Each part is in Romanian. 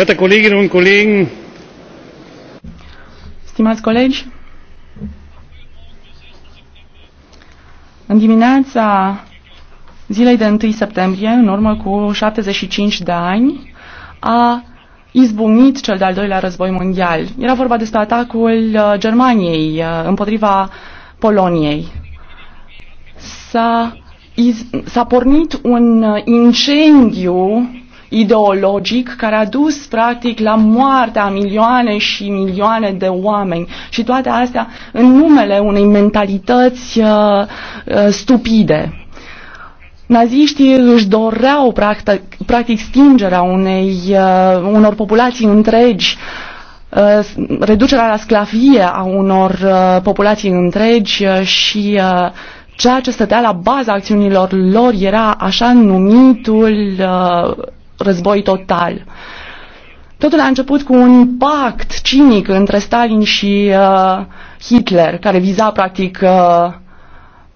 Werte Kolleginnen und Kollegen, Stimați colegi, în dimineața zilei de 1 septembrie, în urmă cu 75 de ani, a izbucnit cel de-al doilea război mondial. Era vorba despre atacul uh, Germaniei uh, împotriva Poloniei. S-a, pornit un uh, incendiu ideologic care a dus practic la moartea milioane și milioane de oameni și toate astea în numele unei mentalități uh, uh, stupide. Naziștii își doreau practic, practic stingerea unei, uh, unor populații întregi uh, reducerea la sclavie a unor uh, populații întregi uh, și ceea ce stătea la baza acțiunilor lor era așa numitul război total. Totul a început cu un pact cinic între Stalin și uh, Hitler, care viza practic uh,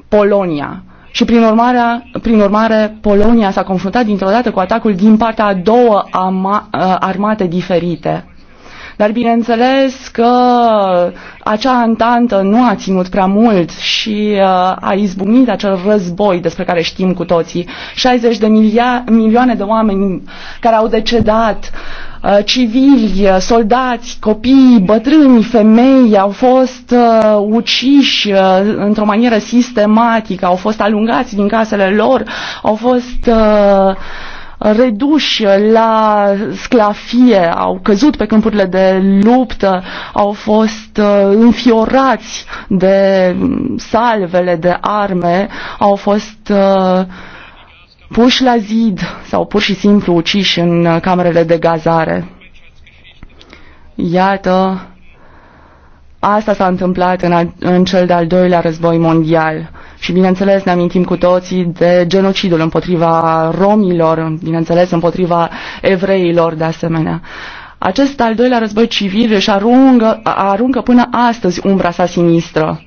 Polonia. Și prin urmare, prin urmare Polonia s-a confruntat dintr-o dată cu atacul din partea a două uh, armate diferite. Dar bineînțeles că acea antantă nu a ținut prea mult și uh, a izbucnit acel război despre care știm cu toții. 60 de milioane de oameni care au decedat, uh, civili, soldați, copii, bătrâni, femei au fost uh, uciși uh, într-o manieră sistematică, au fost alungați din casele lor, au fost uh, reduși la sclafie, au căzut pe câmpurile de luptă, au fost uh, înfiorați de mm, salvele de arme, au fost uh, puși la zid sau pur și simplu uciși în uh, camerele de gazare. Iată, asta s-a întâmplat în, a, în cel de-al doilea război mondial. Și bineînțeles ne amintim cu toții de genocidul împotriva romilor, bineînțeles împotriva evreilor de asemenea. Acest al doilea război civil își aruncă, aruncă până astăzi umbra sa sinistră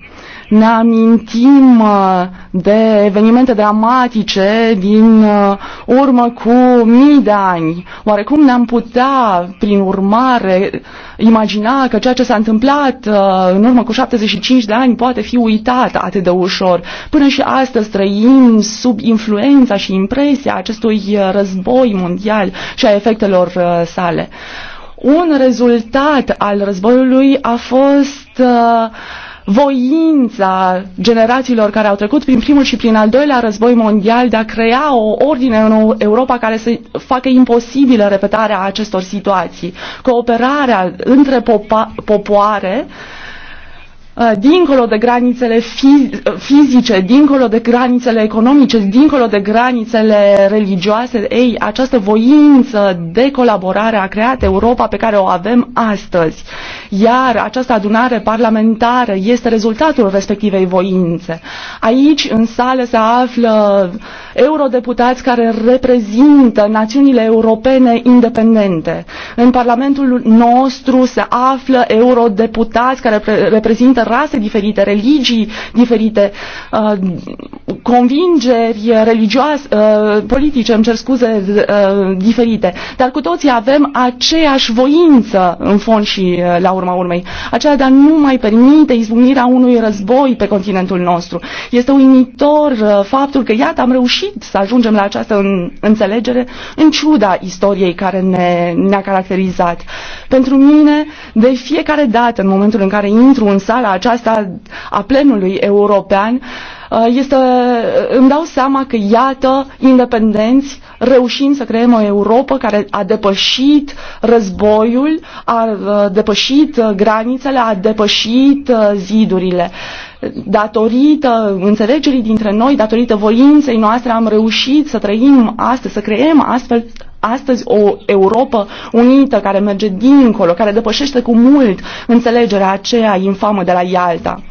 ne amintim uh, de evenimente dramatice din uh, urmă cu mii de ani. Oarecum ne-am putea, prin urmare, imagina că ceea ce s-a întâmplat uh, în urmă cu 75 de ani poate fi uitat atât de ușor. Până și astăzi trăim sub influența și impresia acestui război mondial și a efectelor sale. Un rezultat al războiului a fost uh, voința generațiilor care au trecut prin primul și prin al doilea război mondial de a crea o ordine în Europa care să facă imposibilă repetarea acestor situații. Cooperarea între popa- popoare uh, Uh, dincolo de granițele uh, fizice, dincolo de granițele economice, dincolo de granițele religioase, ei, această voință de colaborare a creat Europa pe care o avem astăzi. Iar această adunare parlamentară este rezultatul respectivei voințe. Aici, în sală, se află eurodeputați care reprezintă națiunile europene independente. În Parlamentul nostru se află eurodeputați care reprezintă rase diferite, religii diferite, uh, convingeri religioase, uh, politice, îmi cer scuze, uh, diferite. Dar cu toții avem aceeași voință în fond și uh, la urma urmei, aceea de a nu mai permite izbucnirea unui război pe continentul nostru. Este uimitor uh, faptul că, iată, am reușit să ajungem la această în, înțelegere în ciuda istoriei care ne, ne-a caracterizat. Pentru mine, de fiecare dată, în momentul în care intru în sala aceasta a plenului european, uh, este, îmi dau seama că, iată, independenți, reușim să creăm o Europa care a depășit războiul, a uh, depășit uh, granițele, a depășit zidurile. Datorită înțelegerii dintre noi, datorită voinței noastre, am reușit să trăim astăzi, să creăm astfel astăzi o Europa unită care merge dincolo, care depășește cu mult înțelegerea aceea infamă de la Ialta.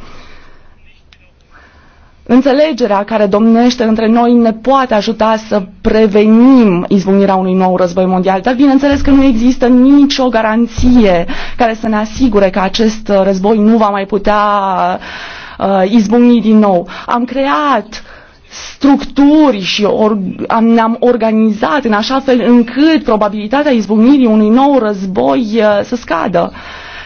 Înțelegerea care domnește între noi ne poate ajuta să prevenim izbucnirea unui nou război mondial, dar bineînțeles că nu există nicio garanție care să ne asigure că acest război nu va mai putea uh, izbucni din nou. Am creat uh, structuri și or, am, ne-am organizat în așa fel încât probabilitatea izbucnirii unui nou război uh, să scadă.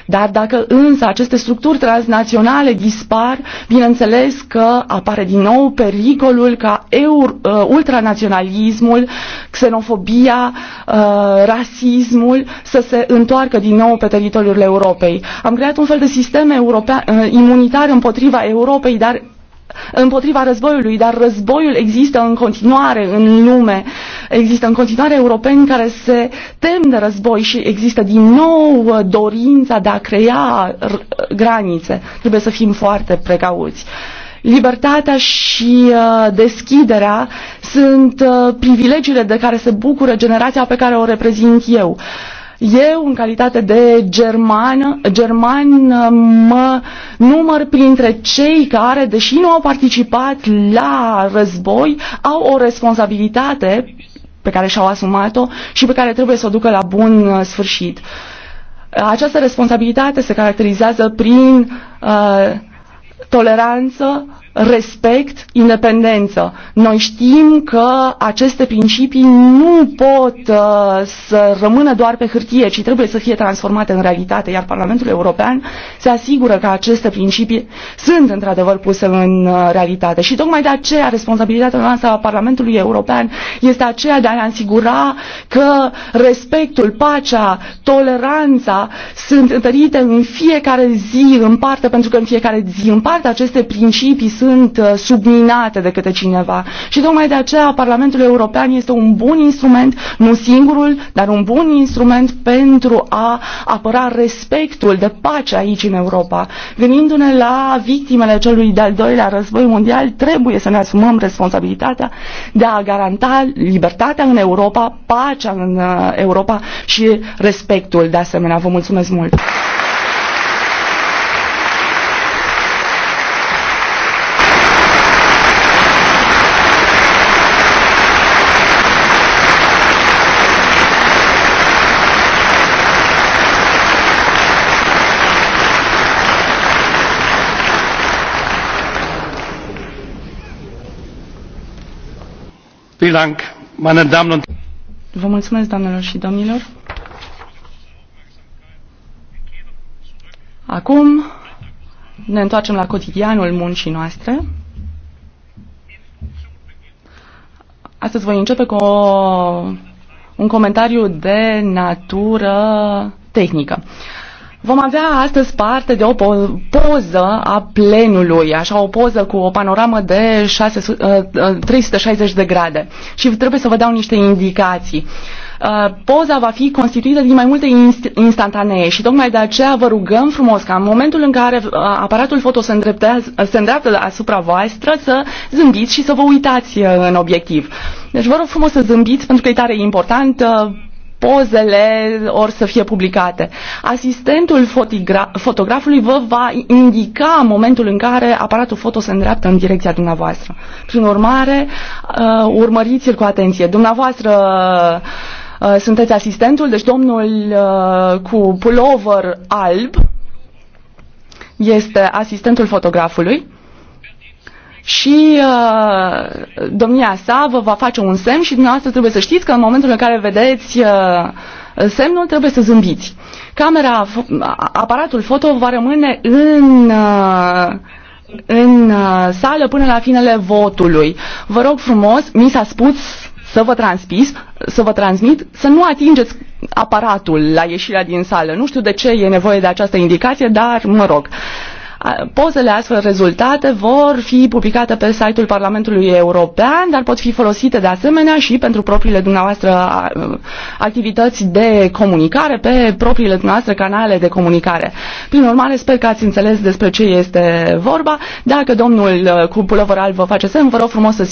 Dar dacă însă aceste structuri transnaționale dispar, bineînțeles că apare din nou pericolul ca eur, uh, ultranaționalismul, xenofobia, uh, rasismul să se întoarcă din nou pe teritoriul Europei. Am creat un fel de sistem european, uh, imunitar împotriva Europei, dar împotriva războiului, dar războiul există în continuare în lume. Există în continuare europeni care se tem de război și există din nou uh, dorința de a crea uh, granițe. Trebuie să fim foarte precauți. Libertatea și uh, deschiderea sunt privilegiile de care se bucură generația pe care o reprezint eu. Eu, în calitate de german, german mă număr printre cei care, deși nu au participat la război, au o responsabilitate pe care și-au asumat-o și pe care trebuie să o ducă la bun uh, sfârșit. Această responsabilitate se caracterizează prin uh, toleranță, respect, independență. Noi știm că aceste principii nu pot uh, să rămână doar pe hârtie, ci trebuie să fie transformate în realitate, iar Parlamentul European se asigură că aceste principii sunt într-adevăr puse în uh, realitate. Și tocmai de aceea responsabilitatea noastră a Parlamentului European este aceea de a ne asigura că respectul, pacea, toleranța sunt întărite în fiecare zi în parte, pentru că în fiecare zi în parte aceste principii sunt uh, subminate de către cineva. Și tocmai de aceea Parlamentul European este un bun instrument, nu singurul, dar un bun instrument pentru a apăra respectul de pace aici în Europa. Gândindu-ne la victimele celui de-al doilea război mondial, trebuie să ne asumăm responsabilitatea de a garanta libertatea în Europa, pacea în uh, Europa și respectul de asemenea. Vă mulțumesc mult! Vă mulțumesc, doamnelor și domnilor. Acum ne întoarcem la cotidianul muncii noastre. Astăzi voi începe cu o, un comentariu de natură tehnică. Uh, Vom avea astăzi parte de o poză a plenului, așa o poză cu o panoramă de 600, 360 ă, ă, de grade și trebuie să vă dau niște indicații. Ă, poza va fi constituită din mai multe inst- instantanee și tocmai de aceea vă rugăm frumos ca în momentul în care aparatul foto se, se îndreaptă asupra voastră să zâmbiți și să vă uitați în obiectiv. Deci vă rog frumos să zâmbiți pentru că e tare important pozele or să fie publicate. Asistentul fotografului vă va indica momentul în care aparatul foto se îndreaptă în direcția dumneavoastră. Prin urmare, uh, urmăriți-l cu atenție. Dumneavoastră uh, sunteți asistentul, deci domnul uh, cu pulover alb este asistentul fotografului și uh, domnia sa vă va face un semn și dumneavoastră trebuie să știți că în momentul în care vedeți uh, semnul trebuie să zâmbiți. Camera, aparatul foto va rămâne în, uh, în uh, sală până la finele votului. Vă rog frumos, mi s-a spus să vă, transpis, să vă transmit, să nu atingeți aparatul la ieșirea din sală. Nu știu de ce e nevoie de această indicație, dar mă rog. Uh, Pozele astfel rezultate vor fi publicate pe site-ul Parlamentului European, dar pot fi folosite de asemenea și pentru propriile dumneavoastră activități de comunicare pe propriile dumneavoastră canale de comunicare. Prin urmare, sper că ați înțeles despre ce este vorba. Dacă domnul uh, pulăvăral vă face semn, vă rog frumos să